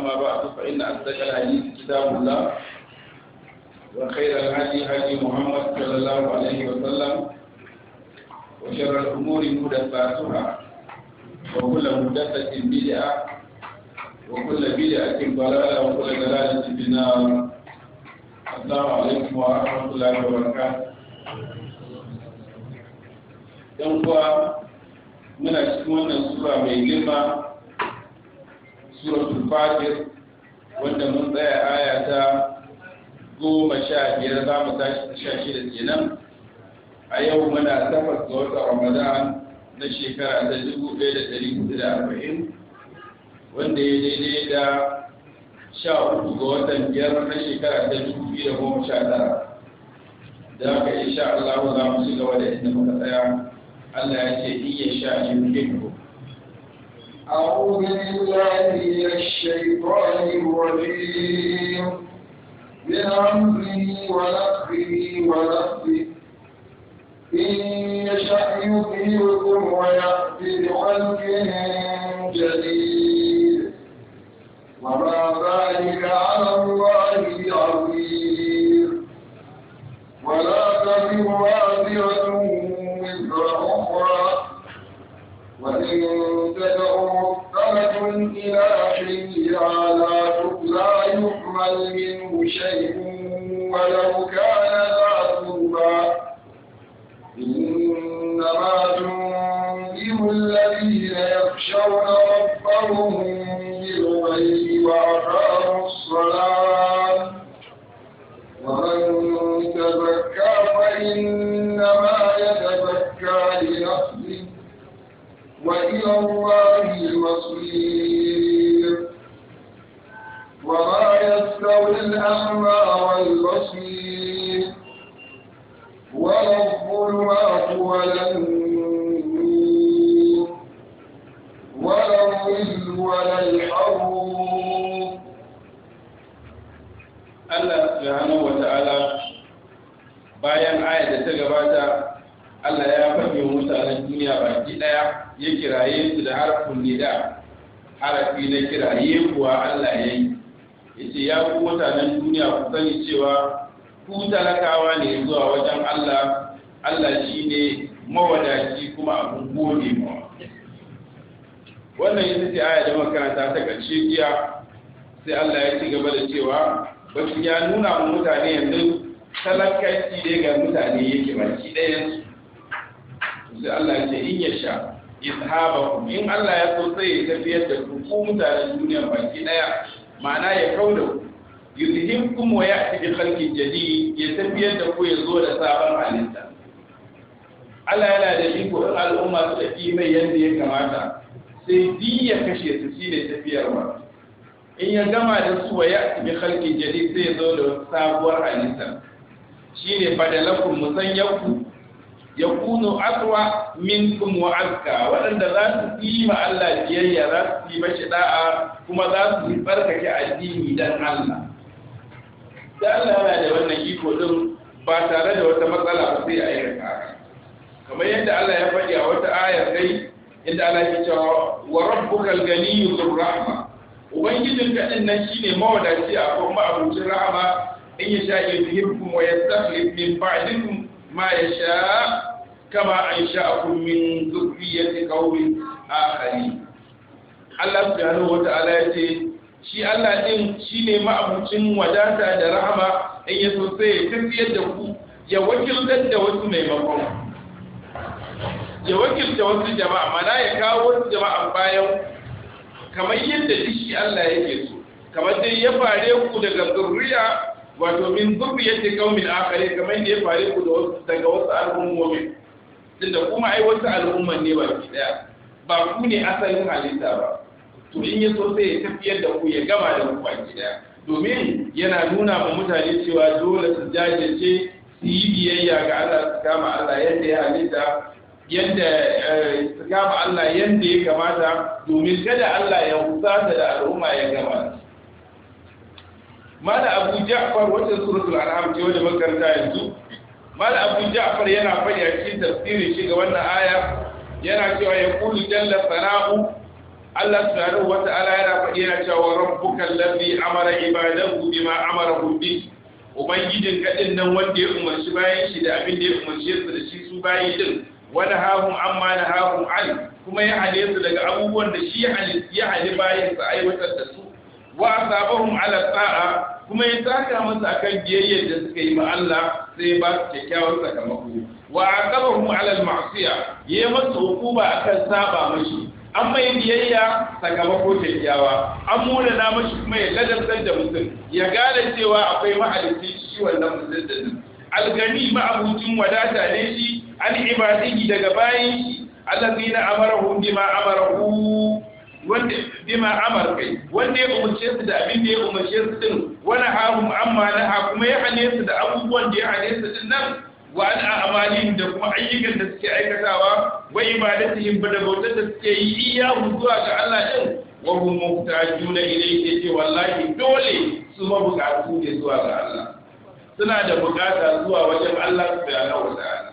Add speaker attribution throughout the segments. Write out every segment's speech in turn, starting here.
Speaker 1: أما بعد فإن أصدق الحديث كتاب الله وخير الهدي هدي محمد صلى الله عليه وسلم وشر الأمور محدثاتها وكل محدثة بدعة
Speaker 2: وكل بدعة ضلالة وكل ضلالة في النار السلام عليكم ورحمة الله وبركاته yan kuwa muna cikin wannan sura mai girma
Speaker 1: suratul fatir wanda mun tsaya aya ta goma sha biyar za mu tashi ta sha shida kenan a yau muna tafas ga wata ramadan na shekara ta dubu ɗaya da ɗari hudu da arba'in wanda ya daidai da sha uku ga watan biyar na shekara ta dubu biyu da goma sha tara da haka insha Allah za mu ci gaba da inda muka tsaya Allah ya ce in ya sha yuhibbu
Speaker 2: أعوذ بالله من الشيطان الرجيم من أمره ونفسه ونفسه إن يشأ يذهبكم ويأتي بخلق جديد وما ذلك على الله بعزيز ولا تزر وازرة وزر أخرى وإن تدعوا مفترة إلى حين على لا يحمل منه شيء ولو كان ذا قربى إنما تنذر الذين يخشون ربهم بالغيب وأقاموا الصلاة ومن تزكى فإنما يتزكى لنفسه وإلى الله المصير وما يستوي الأعمى والبصير ولا الظلمات ولا ولا الظل ولا Allah
Speaker 1: subhanahu wa ta’ala bayan da ta gabata, Allah ya fahimta mutanen duniya baki ɗaya. ya kiraye su da harfin nida harafi na kiraye kuwa Allah ya yi ya ce ya ku mutanen duniya ku sani cewa ku talakawa ne zuwa wajen Allah Allah shi ne mawadaci kuma abin gode mawa wannan ita ce aya da makaranta ta karshe jiya sai Allah ya ci gaba da cewa baki ya nuna mu mutane yanzu talakaci ne ga mutane yake baki ɗayan sai Allah ya ce in ya sha izhabakum in Allah ya so sai ya tafiyar da ku ku mutanen duniya baki daya ma'ana ya kauda ku yuzhibkum wa ya'ti bi khalqin jadid ya tafiyar da ku ya zo da sabon halitta Allah yana da iko in al'umma su tafi mai yadda ya kamata sai bi ya kashe su shi ne tafiyarwa in ya gama da su wa ya'ti bi khalqin jadid sai ya zo da sabuwar halitta shine fadalakum musayyakum yakunu aqwa minkum wa azka waɗanda za su yi ma Allah biyayya za su yi mashi da'a kuma za su yi tsarkake addini dan Allah da Allah yana da wannan iko din ba tare da wata matsala ba sai a yi kamar yadda Allah ya faɗi a wata ayar kai inda Allah ya ce wa rabbukal ganiyyu dhur rahma ubangijin kadin nan shine mawadaci a kuma abincin rahama in ya sha yuhibbu wa yastakhlif min ba'dikum ما يشاء كما أنشأكم من ذرية قوم آخرين الله سبحانه وتعالى يقول shi Allah din shi ne ma'abucin wadata da rahama in ya so sai ya tafiyar da ku ya wakiltar da wasu maimakon ya wakilta wasu jama'a mana ya kawo wasu jama'a bayan kamar yadda duk shi Allah yake so kamar dai ya fare ku daga zurriya wato min yake kaumin akare kamar da ya fare ku da wasu daga wasu al'ummomi da kuma ai wasu al'umman ne ki daya ba ku ne asalin halitta ba to in ya so sai ya tafiyar da ku ya gama da ku ki daya domin yana nuna ma mutane cewa dole su jajirce su yi biyayya ga Allah su kama Allah yadda ya halitta yadda eh, su kama Allah yadda ya kamata domin kada Allah ya husata da al'umma ya gama da. mala abu ja'far wanda suratul an'am ce wanda makaranta yanzu mala abu ja'far yana faɗi a cikin tafsirin shi ga wannan aya yana cewa ya kullu jalla sana'u Allah subhanahu wa ta'ala yana faɗi yana cewa rabbuka allazi amara ibadahu bima amara bi ubangijin kadin nan wanda ya umarci bayan shi da abin da ya umarci su da shi su bayi din wani hahum amma na hahun kuma ya hane su daga abubuwan da shi ya hane bayan su aiwatar da su wa asabahum ala ta'a, kuma ya taka musu akan biyayyar da suka yi ma Allah sai ba su kyakkyawar sakamako wa aqabahum ala al masiyah yayi musu hukuma akan saba mashi an mai biyayya sakamako kyakkyawa an mura na mashi kuma ya ladabtar da mutum ya gane cewa akwai mahalicci shi wannan mutum da nan algani wadata ne shi an ibadihi daga bayan shi allazina amarahu bima amarahu wanda bima amar kai wanda ya umarce su da abin da ya umarce su din wani harum amma na kuma ya hane su da abubuwan da ya hane su din nan wa an a'malin da kuma ayyukan da suke aikatawa wa ibadatihim da bautar da suke yi iya zuwa ga Allah din wa hum muhtajuna ilayhi yace wallahi dole su mabukatu ne zuwa ga Allah suna da bukata zuwa wajen Allah subhanahu wa ta'ala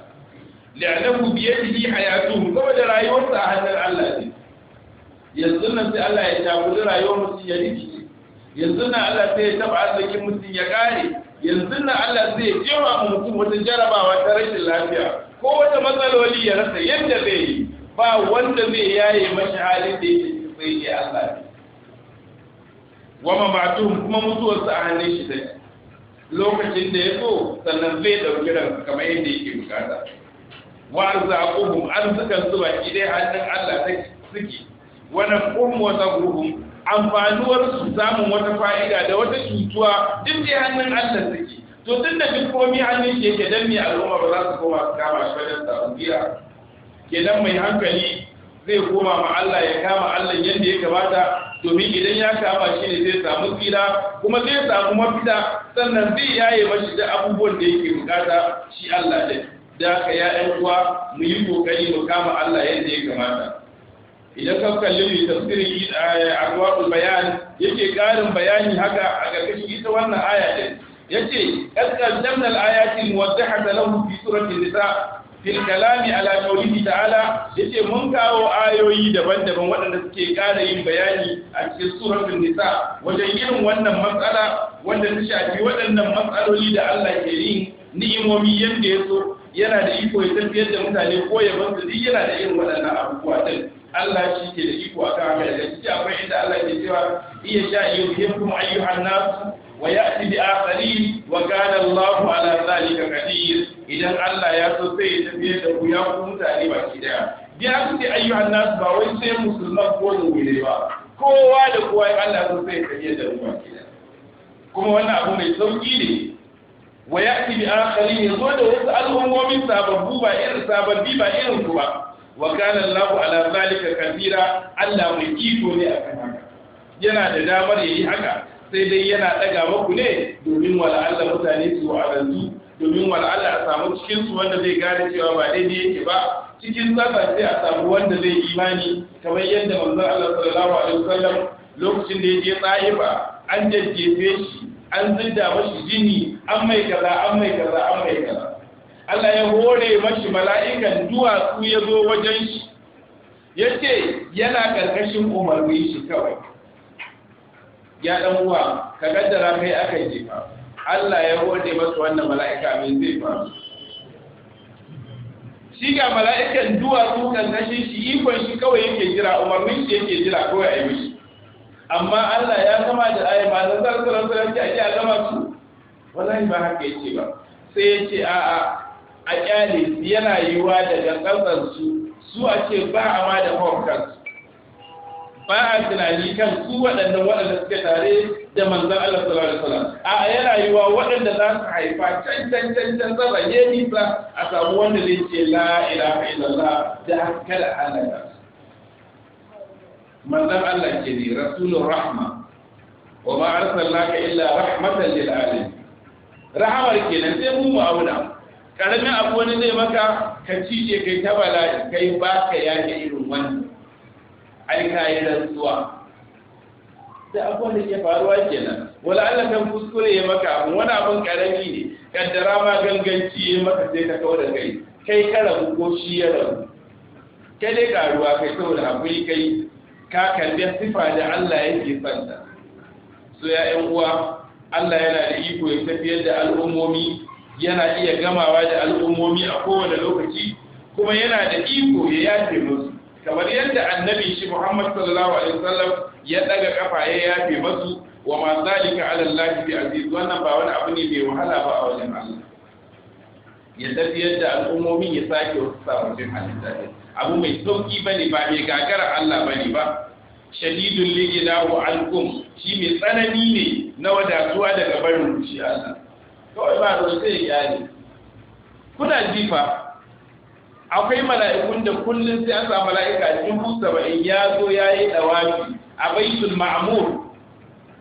Speaker 1: li'annahu bi yadihi hayatuhum da rayuwarsa a hannun Allah ne yanzu nan sai Allah ya takuri rayuwar mutum ya rikice yanzu nan Allah sai ya taba arzikin mutum ya kare yanzu nan Allah zai jewa mutum wata jarabawa ta rashin lafiya ko wata matsaloli ya rasa yadda zai yi ba wanda zai yaye mashi halin da yake sai ya Allah wa mamatuhum kuma mutuwar sa a shi take lokacin da ya so sannan zai dauki ran kamar yadda yake bukata wa arzaquhum an su zuba idai hannun Allah take suke wannan wata zabuhum amfanuwar su samun wata fa'ida da wata cutuwa duk dai hannun Allah take to tun da duk komai hannun shi yake dan me al'umma ba za su koma su kama shi wajen samun biya kenan mai hankali zai koma ma Allah ya kama Allah yadda ya kamata domin idan ya kama shi ne zai samu tsira kuma zai samu mafita sannan zai yaye mashi da abubuwan da yake bukata shi Allah da da haka ya uwa mu yi kokari mu kama Allah yadda ya kamata idan ka kalli tafsirin eh, arwaul bayan yake ƙarin bayani haka a ƙarƙashin ita wannan aya din yace qad qaddamna al-ayati muwaddahata lahu fi surati nisa fil kalami ala qawlihi ta'ala yace mun kawo ayoyi daban-daban waɗanda suke ƙara yin bayani a cikin suratul nisa wajen irin wannan matsala wanda ta shafi waɗannan matsaloli da Allah ke yin ni'imomi yanda ya so yana da iko ya tafiyar da mutane ko ya bar su duk yana da irin waɗannan abubuwa din Allah shi ke da iko a haka da shi akwai inda Allah ke cewa iya sha yuhibbu ayyuhan nas wa ya'ti bi akharin wa kana Allahu ala zalika qadir idan Allah ya so sai ya tafiye da ku ya ku mutane baki daya ya a da ayyuhan nasu ba wai sai musulman ko da mu'mini ba kowa da kowa Allah so sai ya tafiye da mu baki daya kuma wannan abu mai sauki ne wa ya ya'ti bi akharin zo da wasu al'ummomin sababbu ba irin sababbi ba irin ku ba wa kana Allahu ala zalika kabira Allah mai iko ne akan haka yana da damar yayi haka sai dai yana daga maku ne domin wala Allah mutane su wa'azu domin wala Allah a samu cikin su wanda zai gane cewa ba dai daidai yake ba cikin sasa sai a samu wanda zai imani kamar yadda manzo Allah sallallahu alaihi wasallam lokacin da ya je tsayiba an jajjefe shi an zinda mashi jini an mai kaza an mai kaza an mai kaza Allah ya hore mashi mala'ikan duwatsu ya zo wajen shi ya ce yana ƙarƙashin umarni shi kawai ya ɗan uwa ka kaddara kai aka yi fa Allah ya hore masu wannan mala'ika mai zai faru shi ga mala'ikan duwatsu ƙarƙashin shi ikon shi kawai yake jira umarnin shi yake jira kawai a yi mishi amma Allah ya zama da ayi ba na zarzarar zarar ki a gama su wallahi ba haka yake ba sai ya ce a'a a kyale yana yiwuwa daga ƙasarsu su a ce ba a ma da kansu ba a tunani kan su waɗanda waɗanda suke tare da manzan Allah sallallahu alaihi wasallam a yana yiwuwa waɗanda za su haifa can can can can zaba ya nisa a samu wanda zai ce la ilaha illallah da hankala halaka manzan Allah ke ne rasulun rahma wa ma arsalnaka illa rahmatan lil alamin rahamar kenan sai mu mu auna karamin abu wani zai maka ka cije kai ta bala'i kai ba ka yage irin wannan ai ka yi rantsuwa da abu wani ke faruwa kenan wala Allah kan kuskure ya maka abu wani abun karami ne kaddara ma ganganci ya maka sai ka kawo da kai kai ka rabu ko shi ya rabu kai dai karuwa kai saboda hakuri kai ka kalli sifa da Allah yake fanta. so ya uwa Allah yana da iko ya tafiyar da al'ummomi yana iya gamawa da al'ummomi a kowane lokaci kuma yana da iko ya yafe musu kamar yadda annabi shi Muhammad sallallahu alaihi wasallam ya daga kafa ya yafe masu, wa ma zalika ala Allah bi aziz wannan ba wani abu ne mai wahala ba a wajen Allah ya tafi yadda al'ummomin ya sake wasu sababbin halitta abu mai sauki bane ba mai gagara Allah bane ba shadidul ligina alkum shi mai tsanani ne na wadatuwa daga barin shi Allah kawai ba da wasu ya ne kuna jifa akwai mala'ikun da kullum sai an sa mala'ika dubu saba'in ya zo ya yi dawafi a baitul ma'mur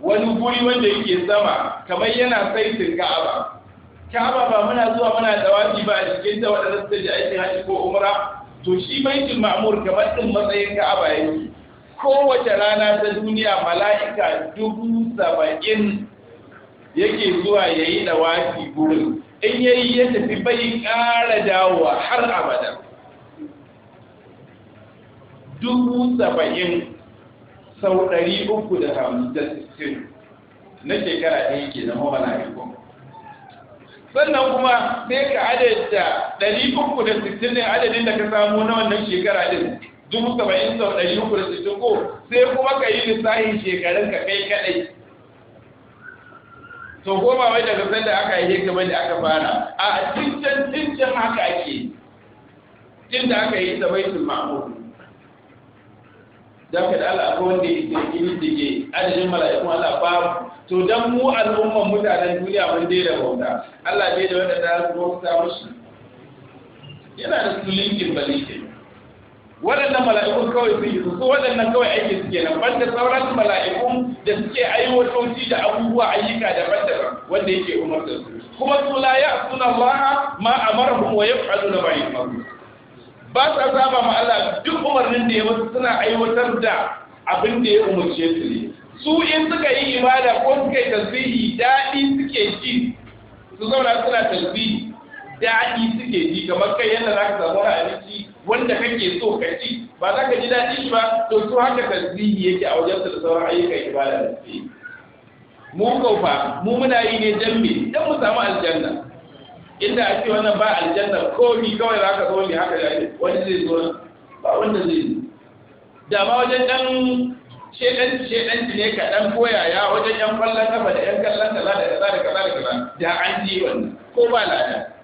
Speaker 1: wani guri wanda yake sama kamar yana saitin ka'aba ka'aba ba muna zuwa muna dawafi ba a cikin ta waɗanda suka ji aikin haji ko umra to shi baitul ma'mur kamar din matsayin ka'aba yake kowace rana ta duniya mala'ika dubu saba'in yake zuwa ya yi wafi gurin in ya yi ya tafi bai ƙara dawowa har abada dubu saba'in sau ɗari uku da hamsin na shekara ɗaya ke na mawala ikon sannan kuma sai ka adadda ɗari uku da sittin ne adadin da ka samu na wannan shekara ɗin dubu saba'in sau ɗari uku da sittin ko sai kuma ka yi lissafin shekarun ka kai kaɗai to ko ba wai daga sanda aka yi kamar da aka fara a tincan tincan haka ake tun da aka yi ta baitul ma'mur da ka da Allah akwai wanda ya ke dige adadin mala'ikun Allah ba to dan mu al'umman mutanen duniya mun da bauta Allah dai da wanda ta samu musu yana da sulinkin balikin waɗannan mala'ikun kawai sun yi su waɗannan kawai aiki suke nan banda sauran mala'ikun da suke aiwatoci da abubuwa ayyuka daban-daban wanda yake da su kuma su la ya suna laha ma amarhum wa yaf'aluna ma yu'marun ba sa saba ma Allah duk umarnin da ya wasu suna aiwatar da abin da ya umarce su ne su in suka yi ibada ko suka yi tasbihi daɗi suke ji su zauna suna tasbihi daɗi suke ji kamar kai yadda za ka samu abinci wanda kake so ka ji ba za ka ji daɗi shi ba to su haka zihi yake a wajen da sauran ayyukan ibada da suke mu kaufa mu muna yi ne dan me dan mu samu aljanna inda ake wannan ba aljanna komi kawai za ka zo ne haka da wani zai zo ba wanda zai zo da ma wajen dan shedan shedan ne ka dan koyaya wajen yan kallon kafa da yan kallon kala da kaza da kaza da kaza da an ji wannan ko ba lada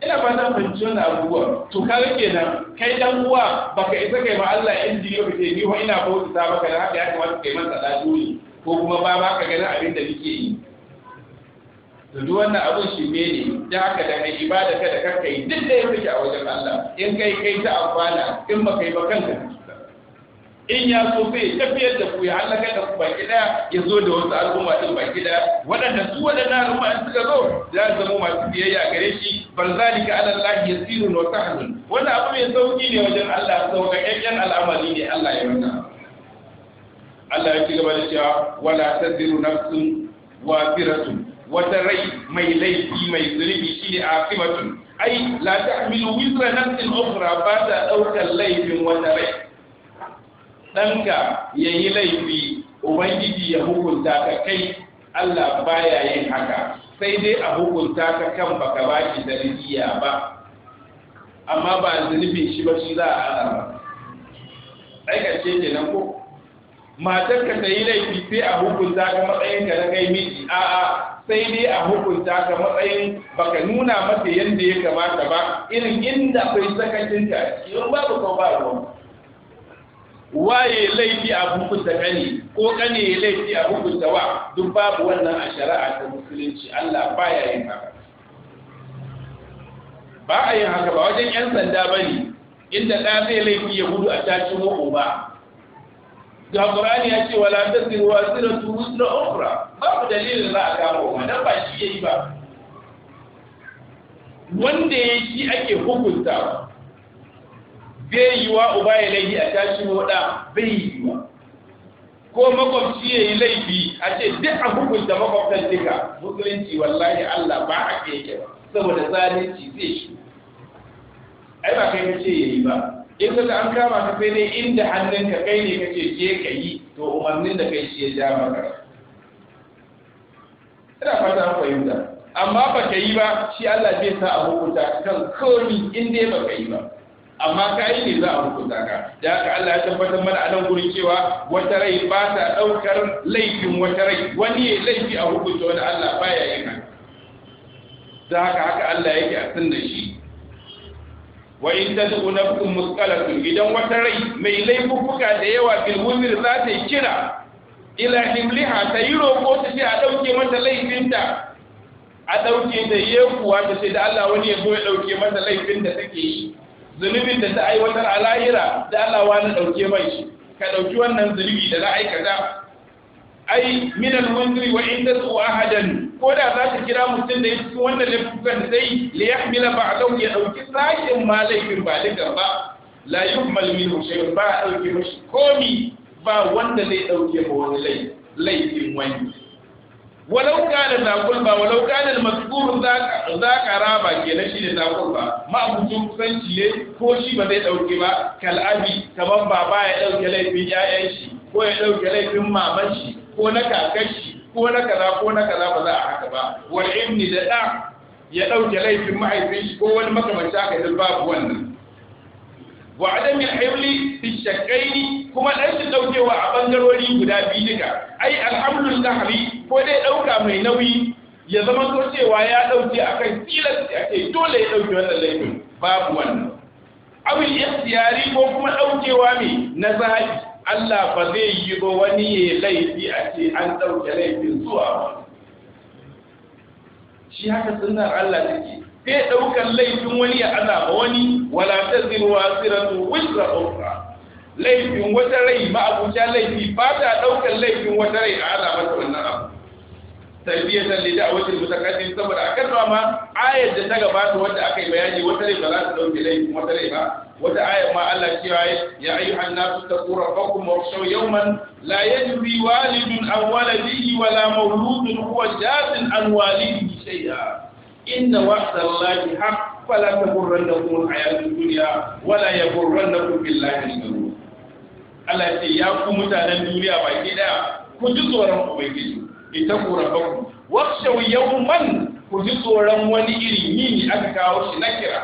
Speaker 1: ina ba na fahimci wani abubuwa to rike nan kai dan uwa baka isa kai ma Allah ji yau kace ni ho ina bauta maka da haka ya kamata kai masa ko kuma ba ba ka gani abin da nake yi to duk wannan abun shi me ne da haka da kai ibada ka da yi, duk da yake a wajen Allah in kai kai ta amfana in ba kai ba kanka in ya so sai tafiyar da ku ya halaka da ku baki daya ya zo da wasu al'umma din baki daya waɗanda su waɗannan al'umma in suka zo za su zama masu biyayya gare shi bal zalika ala Allah na wa sahlun wannan abu mai sauki ne wajen Allah sauƙaƙƙen al'amari ne Allah ya mata Allah ya ci gaba da cewa wala tadiru nafsun wa firatun wata rai mai laifi mai zunubi shine akibatun ai la ta'milu wizra nafsin ukhra ba ta ɗaukar laifin wata rai ɗanka ya yi laifi ubangiji ya hukunta ka kai Allah baya yin haka sai dai a hukunta ka kan baka ba da daliliya ba amma ba zunubin shi ba shi za a ana ba aikace ke nan ko matar ka ta yi laifi sai a hukunta ka matsayin ka na kai miji a'a sai dai a hukunta ka matsayin baka nuna mata yadda ya kamata ba irin inda akwai sakacin ka in babu ko ba ruwan waye laifi a hukunta kane ko kane laifi a hukunta wa duk babu wannan a shari'a ta musulunci Allah baya yin haka ba a yin haka ba wajen yan sanda bane inda da zai laifi ya gudu a tashi wako ba ga Qur'ani ya ce wala tasiru wasiratu wusra ukhra babu dalilin za a kama dan ba shi yayi ba wanda ya shi ake hukunta bai yiwa uba ya laifi a tashi hoda bai yi wa ko makwabci ya yi laifi a ce duk a hukunta makwabtan duka musulunci wallahi Allah ba a keke saboda zalunci zai shi ai ba kai kace yayi ba in kaga an kama ka sai dai inda hannunka kai ne kace je ka yi to umarnin da kai shi ya ja maka ina fata an fahimta amma ba ka yi ba shi Allah zai sa a hukunta kan komi in dai ba ka yi ba amma kai ne za a hukunta ka da haka Allah ya tabbatar mana a nan gurin cewa wata rai ba ta daukar laifin wata rai wani ya laifi a hukunta wani Allah baya yi ka da haka haka Allah yake a tun da shi wa in na nafsun musqalatun idan wata rai mai laifuka da yawa bil za ta kira ila himliha ta yi roƙo ta ce a ɗauke mata laifinta a ɗauke ta yi kuwa ta ce da Allah wani ya zo ya ɗauke mata laifin da take yi zunubin da ta aiwatar a lahira da Allah wani ɗauke mai shi ka ɗauki wannan zunubi da na aikata ai minal wundri wa in a ahadan ko da za ka kira mutum da ya cikin wannan laifukan da zai ba a ba'dahu ya ɗauki ma laifin ba duka ba la yuhmal minhu shay'un ba ɗauke mashi. komi ba wanda zai ɗauke ma wani laifin wani walau kana zakul ba walau kana mazkur zaka raba kenan shi ne zakul ba ma ne ko shi ba zai dauke ba kal'abi kaman baba ya dauke laifin yayan shi ko ya dauke laifin maman shi ko na kakan shi ko na kaza ko na kaza ba za a haka ba wal ibni da da ya dauke laifin mahaifin shi ko wani makamancin haka idan babu wannan wa adam ya himli fi shakkaini kuma dan daukewa a bangarori guda biyu duka ai al ko dai dauka mai nauyi ya zama to cewa ya dauke akan tilas ake dole ya dauke wannan laifin babu wannan abin ikhtiyari ko kuma daukewa mai na zahabi Allah ba zai yi wa wani ya laifi a ce an ɗauke laifin zuwa ba. Shi haka sunnar Allah take sai ɗaukar laifin wani ya azaba wani wala taziru wasiratu wizra ɗauka. laifin wata rai ma'abuta laifi ba ta ɗaukar laifin wata rai a azaba ta wannan abu tarbiyyar da lida a wajen mutakaddi saboda a kalma ma ayar da ta gabata wanda aka yi bayani wata rai ba za ta ɗauke laifin wata rai ba wata ayar ma Allah cewa ya ayyuhan nasu taqu rabbakum wakhshaw yawman la yajzi walidun an waladihi wala mawludun kuwa jasin an walidihi shay'a inna wa'da Allahi haqq fala taghurrannakum al-hayatu dunya wala yaghurrannakum billahi al-ghurur Allah ya ce ya ku mutanen duniya baki daya ku ji tsoron ubangiji ita ku rabbaku wakshaw yawman ku ji tsoron wani irin yini aka kawo shi na kira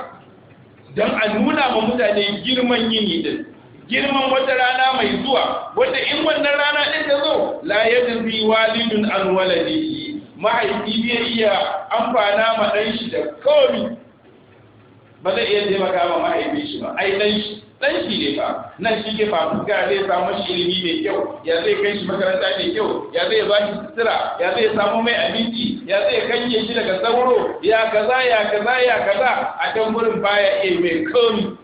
Speaker 1: dan a nuna ma mutane girman yini din girman wata rana mai zuwa wanda in wannan rana din ta zo la yajzi walidun an waladihi mahaifi bai iya amfana ma ɗan shi da komi ba zai iya taimaka ma mahaifin shi ba ai ɗan shi ɗan shi ne fa nan shi ke fa ga zai samu shi ilimi mai kyau ya zai kai shi makaranta mai kyau ya zai ba shi sutura ya zai samu mai abinci ya zai kanye shi daga sauro ya kaza ya kaza ya kaza a can gurin baya iya mai komi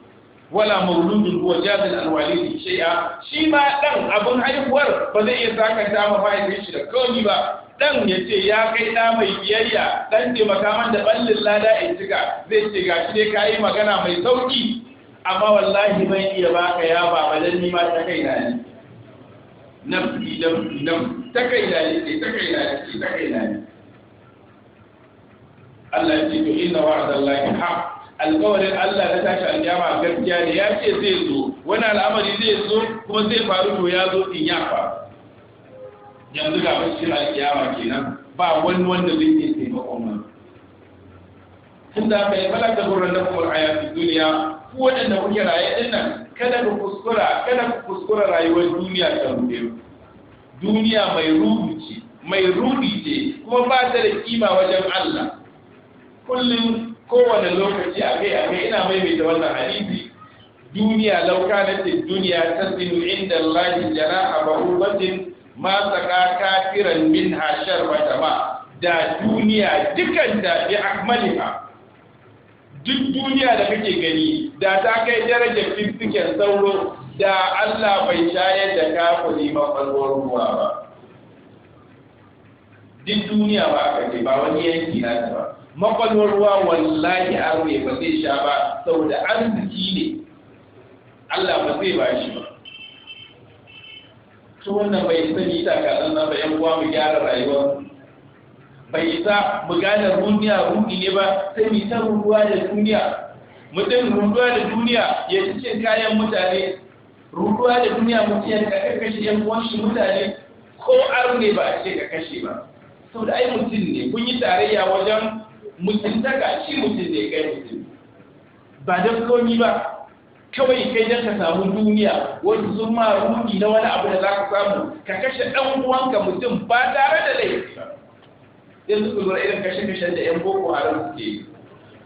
Speaker 1: wala mauludun huwa jazil an walidi shay'a shi ma dan abun haihuwar ba zai iya sakanta ma mahaifin da komi ba dan ya ce ya kai na mai biyayya dan ce makaman da ballin lada ya cika zai ce ga shi ne ka yi magana mai sauki amma wallahi ban iya baka ya ba balan ni ma ta kai na ni nafsi nafsi nafsi ta kai na ni ta kai na ni ta kai na ni Allah ya ce to inna wa'dallahi Ha! alƙawarin Allah na tashi aljama gaskiya ne ya ce zai zo wani al'amari zai zo kuma zai faru to ya zo in ya faru yanzu ga bashir alkiyama kenan ba wani wanda zai iya taimakon tun tunda aka yi malaka gurin na kuma hayatun duniya ku waɗanda kuke raye din nan kada ku kuskura kada ku kuskura rayuwar duniya ta rude duniya mai rudu ce mai rudi ce kuma ba ta da kima wajen Allah kullum kowane lokaci a kai a kai ina maimaita wannan hadisi duniya lauka na ce duniya ta sinu inda Allah jana a wajen? ma saka kafiran min hashar jama da duniya dukan da bi akmaliha duk duniya da kake gani da ta kai darajar fiffiken sauro da Allah bai shayar da kafiri mafarwar ruwa ba duk duniya ba aka ba wani yanki na ta ba makwalwar ruwa wallahi arwe ba zai sha ba saboda arziki ne Allah ba zai ba shi ba su wannan bai ni da kaɗan nan ba yan uwa mu gyara rayuwa bai isa mu gane duniya ruɗi ne ba sai mu ta ruɗuwa da duniya Mu mutum ruɗuwa da duniya ya ci cin kayan mutane ruɗuwa da duniya mutum yanka ka kashe yan uwan shi mutane ko aro ne ba a ce ka kashe ba saboda ai mutum ne kun yi tarayya wajen mutum daga shi mutum ne kai mutum ba don komi ba kawai kai dan ka samu duniya wani sun ma rudi na wani abu da za ka samu ka kashe ɗan uwanka mutum ba tare da laifi yanzu ku lura irin kashe kashe da yan boko haram suke yi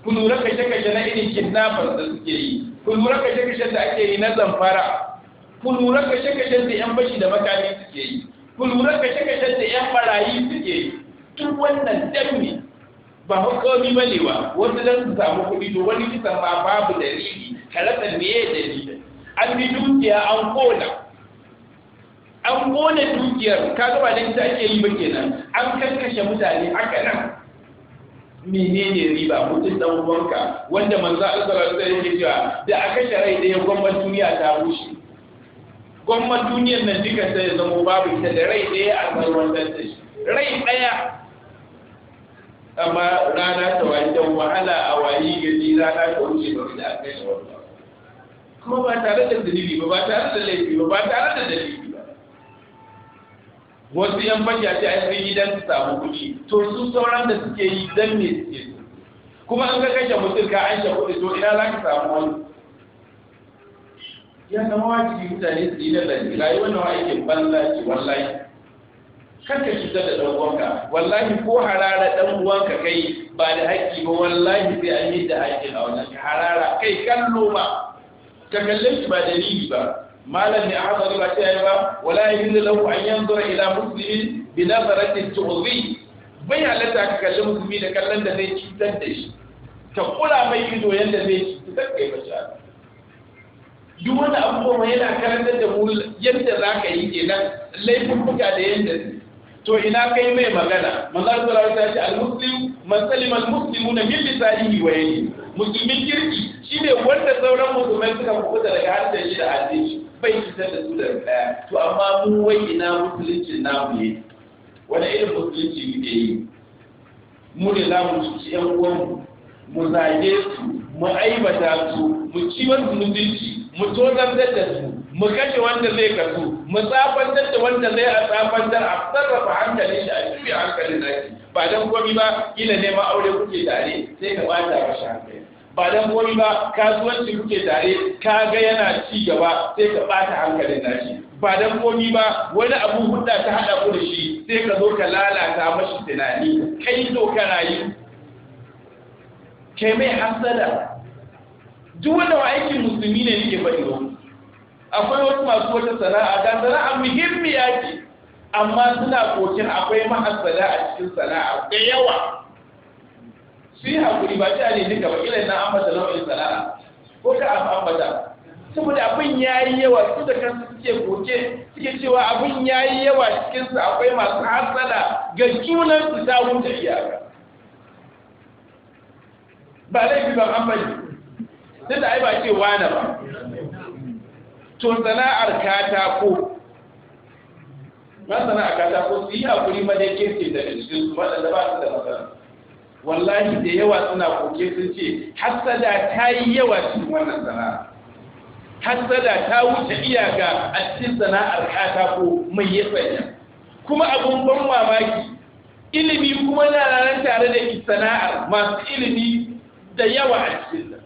Speaker 1: ku lura kashe kashe na irin kidnappers da suke yi ku lura kashe kashe da ake yi na zamfara ku lura kashe kashe da yan bashi da makami suke yi ku lura kashe kashe da yan barayi suke yi duk wannan dan ba hukumi ba ne ba wasu dan su samu kuɗi to wani kisan ma babu dalili karatar ne ya dalili an bi dukiya an kona an kona dukiyar ka ga ba dan ta ake yi ba kenan an kankashe mutane aka nan menene riba mutum dan uwanka wanda manzo Allah sallallahu alaihi wasallam yake cewa da aka sharai da ya gwamnati duniya ta rushe gwamnatin duniyar nan duka sai zama babu ita da rai ɗaya a tsarwantar da shi rai ɗaya amma rana ta wayi da wahala a wayi gari rana ta wuce ba da aka yi kuma ba tare da dalili ba ba tare da laifi ba ba tare da dalili ba wasu yan banja ce ai sun yi su samu kuɗi to su sauran da suke yi dan ne suke su kuma an ga kashe mutum ka an shafi to ina za ka samu wani ya zama wajibi mutane su yi lallaci rayuwar nawa aikin ban ce wallahi kanka shiga da dan uwanka wallahi ko harara dan uwanka kai ba da haƙƙi ba wallahi sai an yi da haƙƙi a wannan harara kai kan noma ka kalle shi ba dalili ba malam ne a hadari ba ta ba wala da lahu an yanzu yanzura ila musulmi, bi nazaratin tu'zi bai halatta ka kalli musulmi da kallon da zai cutar da shi ka kula mai ido yadda zai cutar kai ba shi duk wani abubuwa yana karantar da mu yadda za ka yi kenan laifin buga da yadda to ina kai mai magana manzo Allah ya ce al-muslim man salima al-muslimuna min lisanihi wa yadihi musulmin kirki shine wanda sauran musulmai suka kubuta daga harshen shi da harshen shi bai fitar da su da daya to amma mu wai ina musulunci namu ne wani irin musulunci muke yi mu ne za mu cuci yan uwanmu mu zage su mu aibata su mu ci musulunci mu tozar da su mu kashe wanda zai kasu mu tsafantar da wanda zai a tsafantar a sarrafa hankalin shi a juya hankalin ke. ba dan komi ba kila neman aure kuke tare sai ka bata masa hankali ba dan komi ba kasuwanci kuke tare ka ga yana ci gaba sai ka bata hankalin ke. ba dan komi ba wani abu hudda ta hada ku da shi sai ka zo ka lalata mashi tunani kai zo ka rayu kai mai hasada duk wanda wa aikin musulmi ne yake faɗi akwai wasu masu wata sana'a da sana'a muhimmiya ce amma suna kokin akwai mahasala a cikin sana'a da yawa su yi hakuri ba ta ne duka ba ilai na ambata nau'in sana'a ko ta ambata saboda abin ya yi yawa su da kansu suke koke suke cewa abin ya yi yawa cikinsu akwai masu hasada ga su ta wuce iyaka ba laifi ban ambali tun da ai ba ce wane ba to sana'ar katako na sana'ar katako su yi hakuri madai ce da cikin su waɗanda ba su da matsala wallahi da yawa suna koke sun ce hassada ta yi yawa cikin wannan sana'a hassada ta wuce iyaka a cikin sana'ar katako mai ya sanya kuma abin ban mamaki ilimi kuma na ranar tare da sana'ar masu ilimi da yawa a cikin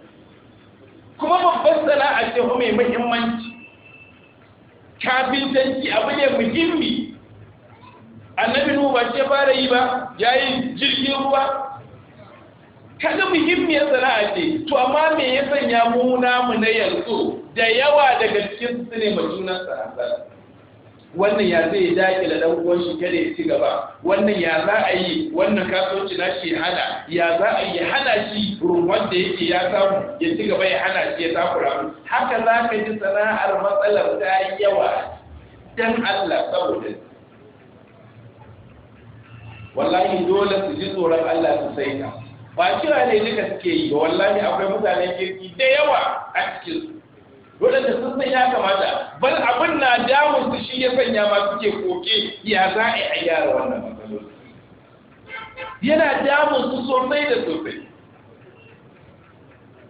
Speaker 1: kuma babban sana'a ce mai muhimmanci kafintanci abu ne muhimmi annabi nuhu ba ce fara yi ba yayi jirgin ruwa kaga muhimmiyar sana'a ce to amma me ya sanya mu namu na yanzu da yawa daga cikin su ne majunan sana'a wannan ya zai daƙila ɗan uwan shi kada ya ci gaba wannan ya za a yi wannan kasuwanci na shi hana ya za a yi hana shi rumwan da yake ya samu ya ci gaba ya hana shi ya takura mu haka za ka ji sana'ar matsalar ta yawa dan Allah saboda wallahi dole su ji tsoron Allah su sai ka ba kira ne duka suke yi Ba wallahi akwai mutanen kirki da yawa a cikin su waɗanda sun san ya kamata bal abin na damun su shi ya sanya ma suke koke ya za a yi a gyara
Speaker 2: wannan matsaloli
Speaker 1: yana damun su sosai da sosai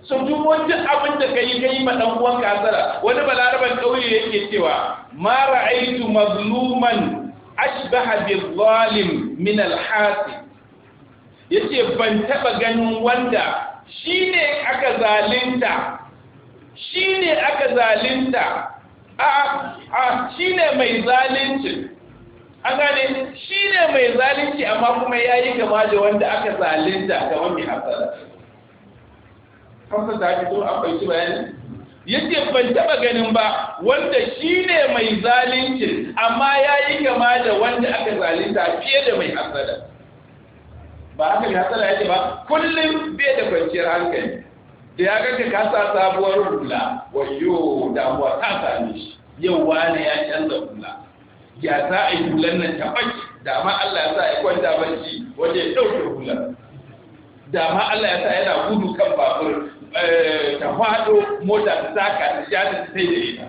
Speaker 1: so duk wani abin da ka yi ka yi ma ɗan uwan kasara wani balaraban ƙauye yake cewa ma ra'aytu mazluman ashbaha bil zalim min al hasi yace ban taba ganin wanda shine aka zalinta shi ne aka zalinta a shi ne mai zalincin an gane shi ne mai zalinci amma kuma ya yi gama da wanda aka zalunta ga mai hasara kamar ta fito a kwanci bayani Yadda ban taba ganin ba wanda shi ne mai zalinci amma ya yi gama da wanda aka zalunta fiye da mai hasara ba haka mai hasara yake ba kullum bai da kwanciyar hankali da ya ga ka sa sabuwar rula wayo damuwa ta same shi yau ne ya canza rula. ya za a yi hulan nan ta baki da ma Allah ya sa ya kwanta bacci waje ya ɗauke rula. da ma Allah ya sa yana gudu kan babur eh, ta fado mota ta saka ta sha ta sai da ita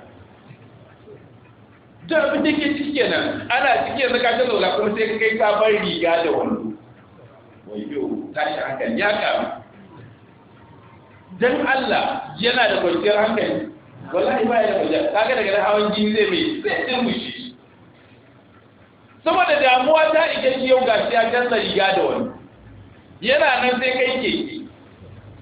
Speaker 1: da abin da ke ciki kenan ana cikin yanzu ka ta zaula kuma sai ka kai ka bar riga da wando wayo tashi hankali ya kamu dan Allah yana da kwanciyar hankali wallahi ba ya da kwanciyar kaga daga hawan jini zai mai zai shi saboda damuwa ta ike shi yau gashi ya canza riga da wani yana nan sai kai ke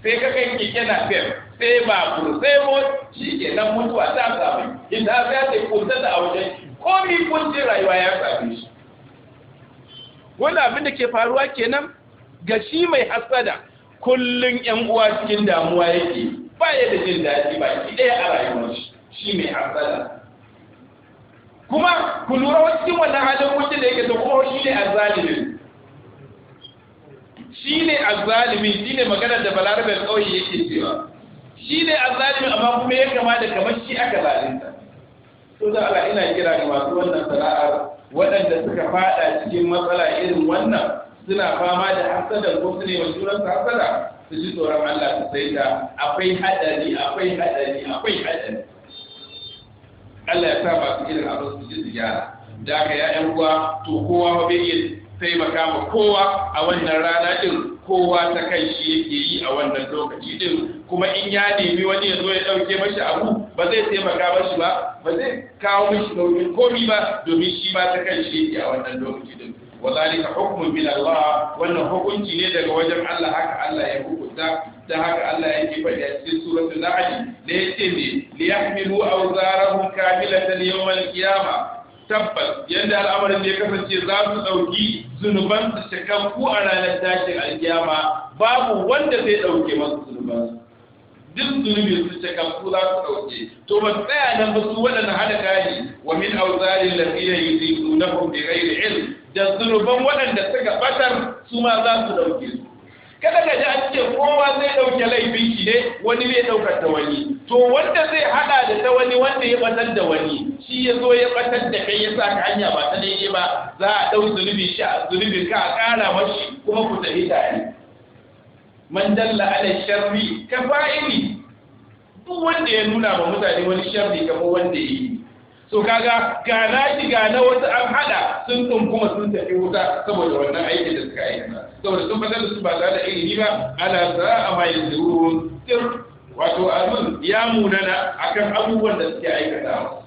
Speaker 1: sai ka kai ke na fem sai ku sai mo shi ke nan mutuwa ta samu inda ya sai kunta da auren kun kuncin rayuwa ya same shi wani abin da ke faruwa kenan ga shi mai hasada kullum yan uwa cikin damuwa yake ba ya da jin daji, ba shi ɗaya a rayuwar shi shi mai hasala kuma ku lura wa cikin wannan halin wuce da yake da kuma shi ne azzalimin shi ne azalimi shi ne magana da balarabe ƙauye yake cewa shi ne azzalimin amma kuma ya kama da kamar shi aka zalinta to da Allah ina kira ga masu wannan sana'ar waɗanda suka fada cikin matsala irin wannan suna fama da hasada ko su ne wa juran hasada su ji tsoron Allah su sai ta akwai hadari akwai hadari akwai hadari Allah ya sa ba su irin abin su ji gyara da aka ya yan uwa to kowa ba bai sai taimaka ma kowa a wannan rana din kowa ta kan shi yake yi a wannan lokaci din kuma in ya nemi wani ya zo ya dauke mashi abu ba zai taimaka maka ba ba zai kawo mishi nauyin komi ba domin shi ba ta kan shi yake a wannan lokaci din وذلك حكم من الله وان حكمتي ne daga wajen Allah haka Allah ya hukunta da haka Allah yake faɗi a cikin suratul nahl da yake ne liyahmilu awzarahum kamilatan yawm al-qiyamah tabbas yanda al'amarin da ya kasance za su ɗauki zunuban su cikakku a ranar tashin alkiyama babu wanda zai ɗauke masu zunuban duk zunubi su ce kan su za su ɗauke to ban tsaya nan ba su waɗanda hada kayi wa min auzarin lafiya yi zai su na hundi da ilm da zunuban waɗanda suka batar su ma za su ɗauke su kada ka ji an ce kowa zai ɗauke laifin shi ne wani zai ɗaukar da wani to wanda zai haɗa da ta wani wanda ya batar da wani shi ya zo ya batar da kai ya sa ka hanya ba ta daidai ba za a ɗau zunubi shi a zunubin ka a ƙara mashi kuma ku tafi tare man dalla ala sharri ka fa'ili duk wanda ya nuna ma mutane wani sharri kamar wanda yi so kaga ga na shi ga na wasu an hada sun tun kuma sun tafi wuta saboda wannan aikin da suka aikata saboda sun fatar su ba tare da ilimi ba ala sa'a ma yanzu sir wato abin ya munana akan abubuwan da suke aikatawa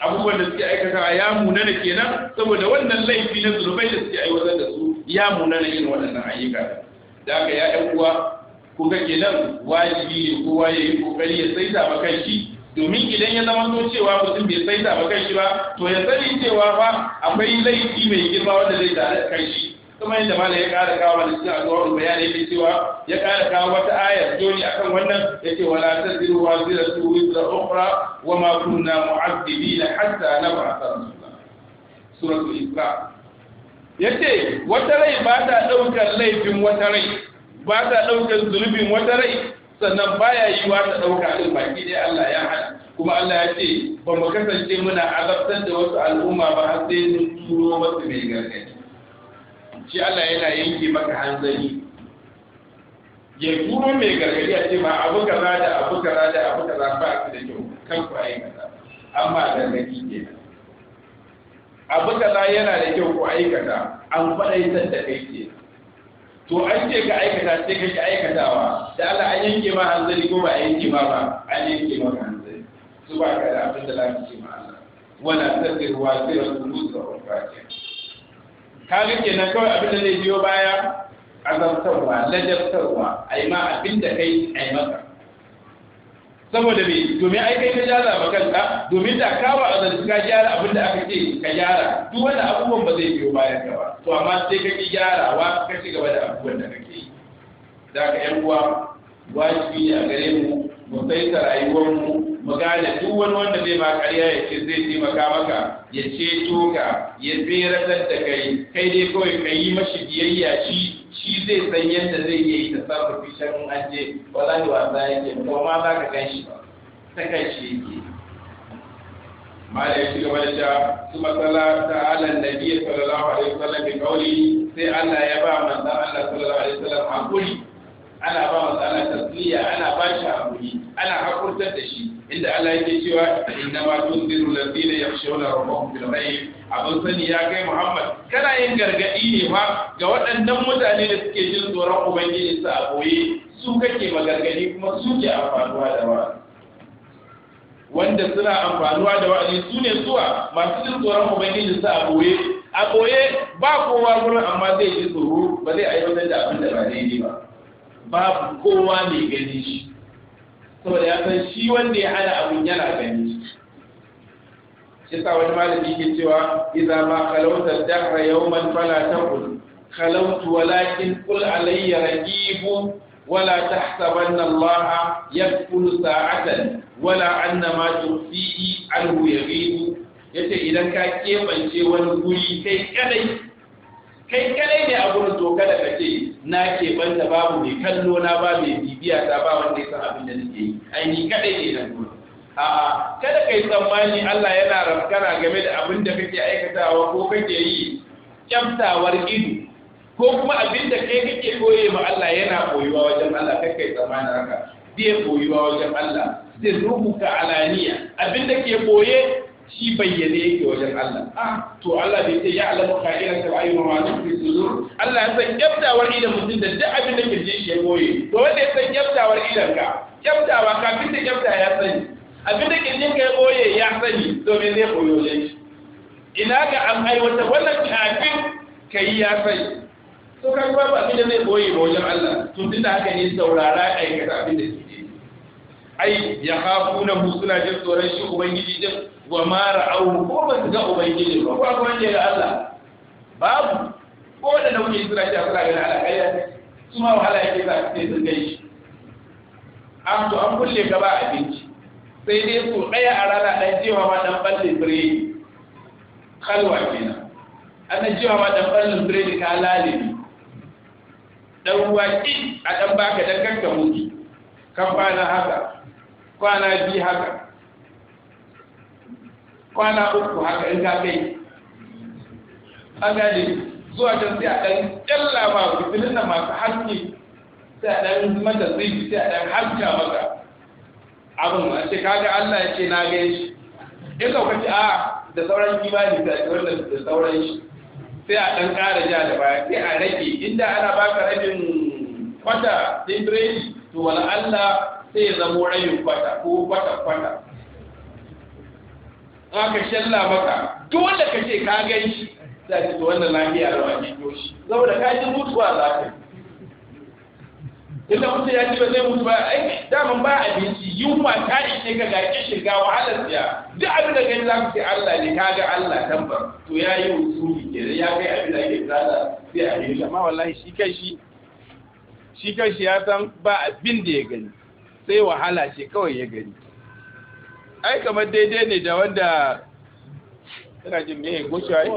Speaker 1: abubuwan da suke aikatawa ya munana kenan saboda wannan laifi na zunubai da suke aiwatar da su ya munana yin waɗannan ayyuka da aka ya ɗan uwa ko kake nan wajibi ne kowa ya yi kokari ya saita ma kanshi domin idan ya zama so cewa mutum bai saita ma kanshi ba to ya sani cewa fa akwai laifi mai girma wanda zai tare da kanshi kuma yadda mala ya ƙara kawo wani cikin alƙawarin bayani yake cewa ya ƙara kawo wata ayar joni akan wannan ya ce wala taziru wa ziratu wizra ukhra wa ma kunna na hatta nab'atha rasula suratul isra ya ce wata rai ba ta ɗaukar laifin wata rai ba ta ɗaukar zunubin wata rai sannan baya yi wa ta ɗauka ɗin baki dai Allah ya hana kuma Allah ya ce ba mu kasance muna azabtar da wasu al'umma ba har sai mun turo wasu mai gargaɗi shi Allah yana yanke maka hanzari ya turo mai gargaɗi a ce ma abu kaza da abu kaza da abu kaza ba su da kyau kan ku ayi kaza amma gargaɗi kenan abu kaza yana da kyau ko aikata an faɗaitar da kai ke to an ce ka aikata sai ka ki aikatawa da Allah an yanke ma hanzari ko ba a yanke ma ba an yanke ma hanzari su ba ka da abin da za ka ce ma Allah wala tasiru wa su qulus wa fakir ka ga nan kawai abin da zai biyo baya azabtarwa ladabtarwa ai ma abin da kai ai maka saboda me domin ai kai ka gyara ba kanka domin da kawo a zanci ka gyara abin da aka ce ka gyara duk wanda abubuwan ba zai biyo bayan ka ba to amma sai ka ki wa ka ci gaba da abubuwan da kake ke, da ka yan uwa wajibi a gare mu mu sai ta rayuwar mu mu gane duk wani wanda zai ma ƙarya ya ce zai taimaka maka ya ceto ka ya tseratar da kai kai dai kawai ka yi mashi biyayya shi shi zai san yadda zai yi ta sarrafa fishan an je wallahi wasa yake ba ma za ka gan shi ba ta kan shi yake malai shi gaba da su matsala ta alan nabi sallallahu alaihi wasallam bi kauli sai Allah ya ba manzon Allah sallallahu alaihi wasallam hakuri ana ba manzo Allah tasliya ana ba shi hakuri ana hakurtar da shi inda Allah yake cewa inna ma tunziru ladina yakhshawna rabbahum bil ghaib abun sani ya kai Muhammad kana yin gargadi ne fa ga waɗannan mutane da suke jin tsoron ubangiji su a su kake magargadi kuma su ke amfanuwa da wa wanda suna amfanuwa da wa'azi su ne zuwa masu jin tsoron ubangiji su a a boye ba kowa gurin amma zai ji tsoro ba zai aiwatar da abin da ba daidai ba babu kowa mai gani shi saboda ya san shi wanda ya hana abun yana gani shi sa wani malami ke cewa idza ma khalawta dahra yawman fala taqul khalawtu walakin qul alayya raqibu ولا تحسبن الله يكفل ساعة ولا أن ما تخفيه عنه yace idan ka keɓance wani guri kai kadai kai kadai ne a gurin to da kake na ke banta babu mai kallo na ba mai bibiya ta ba wanda ya san abin da nake yi ai ni kadai ne na gurin a'a kada kai tsammani Allah yana rafkana game da abin da kake aikatawa ko kake yi kyamtawar ido ko kuma abin da kai kake koye ma Allah yana koyuwa wajen Allah kai kai tsammani haka bai koyuwa wajen Allah zai rubuta alaniya abin da ke koye shi bayyane yake wajen Allah ah to Allah bai ce ya alamu khairan ta ayyuna ma nufi sudur Allah ya san yaftawar idan mutum da duk abin da kirje shi ya goye to wanda ya san yaftawar idan ka yaftawa kafin da yafta ya sani abin da kirjin ka ya goye ya sani to me zai koyo ne ina ga an aiwata wannan kafin kai ya sani to kan ba abin da zai goye ba wajen Allah to da haka ne saurara aikata abin da ke ai ya hafu na suna jin tsoron shi ubangiji din wa ma ra'ahu ko ba su ga ubangiji ba ko ba wanda ya Allah babu ko da nauyi a suna gani Allah kai su ma wahala yake za su sun gai shi an to an kulle gaba abinci sai dai su ɗaya a rana ɗan cewa ma ɗan ɓalle biredi kalwa kenan an cewa ma ɗan ɓalle biredi ka lalibi ɗan ruwa ƙi a ɗan baka ɗan kanka mutu kan kwana haka kwana bi haka kwana uku haka in ka kai an gane zuwa can sai a ɗan ƙyalla ma fitilin na masu haske sai a ɗan mata zai sai a ɗan haska maka abin a ce kaga Allah ya ce na gan shi in ka ce a da sauran kimanin da da sauran shi sai a ɗan ƙara ja da baya sai a rage inda ana baka rabin kwata ɗin to wala Allah sai ya zamo rabin kwata ko kwata kwata aka shalla maka duk wanda ka ce ka gan shi za ka ji wannan lafiya da wani yoshi saboda ka ji mutuwa za ka yi inda mutum ya ce ba zai mutu ba ai daman ba abinci yunwa ta ishe ka gaƙi shiga wahalar siya duk abin da gani za ka ce Allah ne ka ga Allah tabbar to ya yi usuli ke ya kai abin da ke tsada sai a yi amma wallahi shi kai shi shi kai shi ya san ba abin da ya gani sai wahala ce kawai ya gani ai kamar daidai ne da wanda kana jin me goshi ai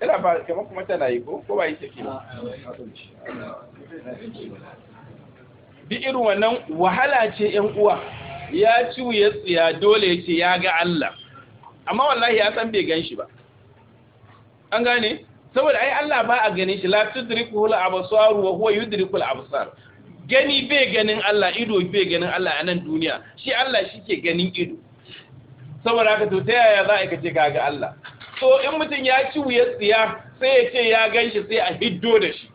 Speaker 1: kana ba kamar kuma tana yi ko ko ba yi take ba duk irin wannan wahala ce yan uwa ya ci ya tsiya dole ya ce ya ga Allah amma wallahi ya san bai gan shi ba an gane saboda ai Allah ba a ganin shi la tudriku al-absar wa huwa al absar gani bai ganin Allah ido bai ganin Allah a nan duniya shi Allah shi ke ganin ido saboda haka to ta yaya za a kace ka ga Allah so in mutum ya ci wuya tsiya sai ya ce ya ganshi sai a hiddo da shi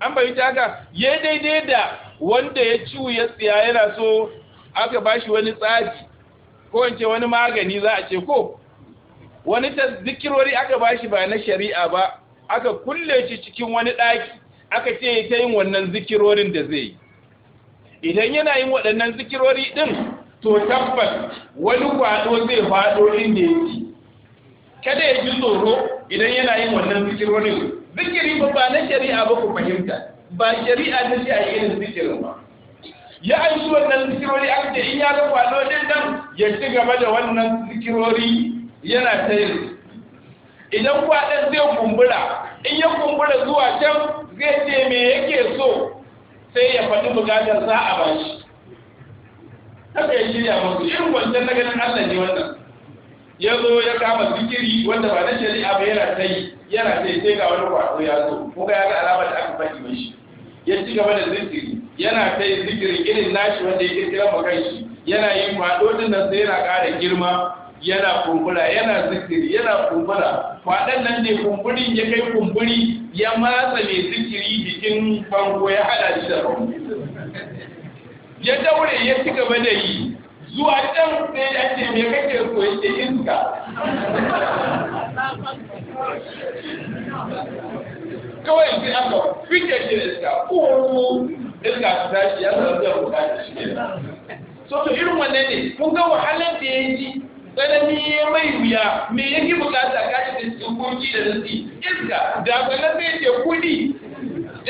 Speaker 1: an ta ga ya daidai da wanda ya ci wuya tsiya yana so aka ba shi wani tsari. ko in wani magani za a ce ko wani tazikirori aka ba shi ba na shari'a ba aka kulle shi cikin wani ɗaki aka ce ta yin wannan zikirorin da zai yi idan yana yin waɗannan zikirori ɗin to tabbas wani kwaɗo zai faɗo inda ya ci kada ya ji tsoro idan yana yin wannan zikirorin zikiri ba ba na shari'a ba ku fahimta ba shari'a ta ce a irin zikirin ba ya an shi wannan zikirori aka ce in ya ga kwaɗo ɗin nan ya ci gaba da wannan zikirori yana ta yin idan kwaɗon zai kumbura in ya kumbura zuwa can zai ce me yake so sai ya faɗi bukatar za a ba shi haka ya shirya masu irin wancan na ganin Allah ne wannan ya zo ya kama zikiri wanda ba na shari'a ba yana ta yi yana ta yi sai ga wani kwaɗo ya zo ko ga ya ga alama da aka faɗi mashi ya ci gaba da zikiri yana ta yi zikirin irin nashi wanda ya kirkira ma kanshi yana yin kwaɗo din nan sai yana ƙara girma yana kumbura yana zikiri yana kumbura kwaɗan nan ne kumburin ya kai kumburi ya matsa mai zikiri jikin bango ya hada shi da rauni ya daure ya ci gaba da yi zuwa can sai ya ce me kake so ya ce iska
Speaker 2: kawai sai aka
Speaker 1: fike shi da iska ko iska su tashi ya zama zai
Speaker 2: rubuta shi so to irin wannan ne kun ga wahalar
Speaker 1: da ya ji tsanani ya mai wuya me yake bukata ka ce da tsokoki da nasi iska da bala zai ce kudi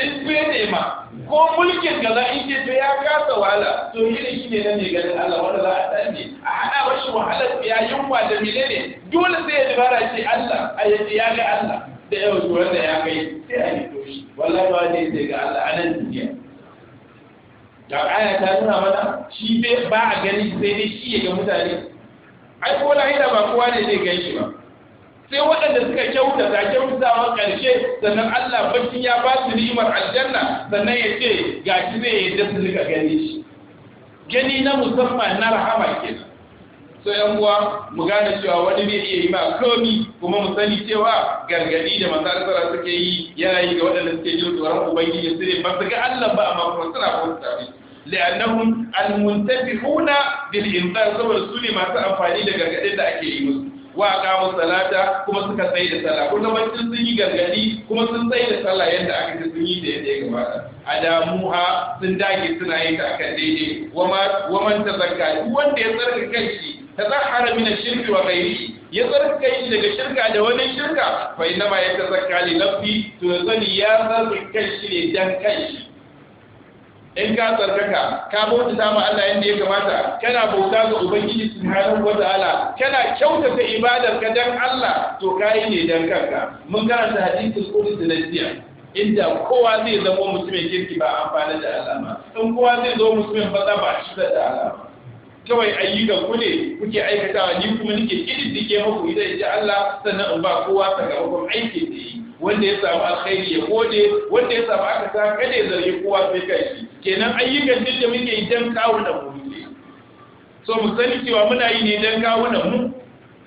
Speaker 1: in ku ya nema ko mulkin gaza in ce to ya kasa wahala to irin shi ne na mai ganin Allah wanda za a tsanne a hana mashi wahalar ya yunwa da ne? dole sai ya dabara ce Allah a yace ya ga Allah da yau duwar da ya kai sai a yi to shi wallahi ba ne sai ga Allah anan duniya da aya ta nuna mana shi ba a gani sai dai shi ya ga mutane ai ko lahira ba kowa ne zai gan ba sai waɗanda suka kyauta da kyautawa ƙarshe sannan Allah bakin ya ba su ni'imar aljanna sannan ya ce ga shi zai yadda su rika gani shi gani na musamman na rahama kenan so yan uwa mu gane cewa wani ne iya yi ma komi kuma mu sani cewa gargadi da masarar suke yi yana yi ga waɗanda suke jin tsoron ubangiji su ne ba su ga Allah ba amma kuma suna bauta ne li'annahum almuntafi'una bil inzar saboda sune masu amfani da gargadin da ake yi musu wa aqamu salata kuma suka tsaye da sallah ko zaman sun yi gargadi kuma sun tsaye da sallah yadda aka ce sun yi da yadda ya gabata adamuha sun dage suna yin ta daidai wa man tazakka wanda ya tsarka kanshi tazahara min ash-shirki wa ghayrihi ya tsarka shi daga shirka da wani shirka fa nama ma yatazakka ya sani kanshi ne dan kanshi in ka tsarkaka ka bauta ta ma Allah yadda ya kamata kana bauta ga ubangiji subhanahu wa ta'ala kana kyautata ibadar ka dan Allah to kai ne dan kanka mun karanta hadisul qudsi na jiya inda kowa zai zama mutumin kirki ba amfani da alama in kowa zai zo mutumin banza ba shi da alama kawai ayyukan ku ne kuke aikatawa ni kuma nake ke muku idan ya Allah sannan in ba kowa sakamakon aikin da yi wanda ya samu alkhairi ya gode wanda ya samu aka sa kada ya zargi kowa sai kai shi kenan ayyukan duk da muke yi dan kawo da mu ne so mu sani cewa muna yi ne dan kawo da mu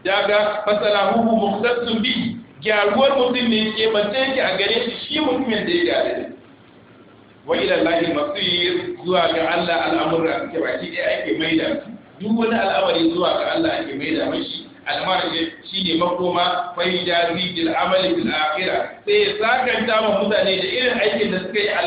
Speaker 1: daga fasalahu muhtasun bi gyaruwar mutum ne ke mace yake a gare shi shi mutumin da ya gare ne wa ila lahi masir zuwa ga Allah al'amura ke baki ɗaya ake maida duk wani al'amari zuwa ga Allah ake maida mashi shi shine makoma faida rijil amali bil akhirah sai ya sakanta wa mutane da irin aikin da suka yi a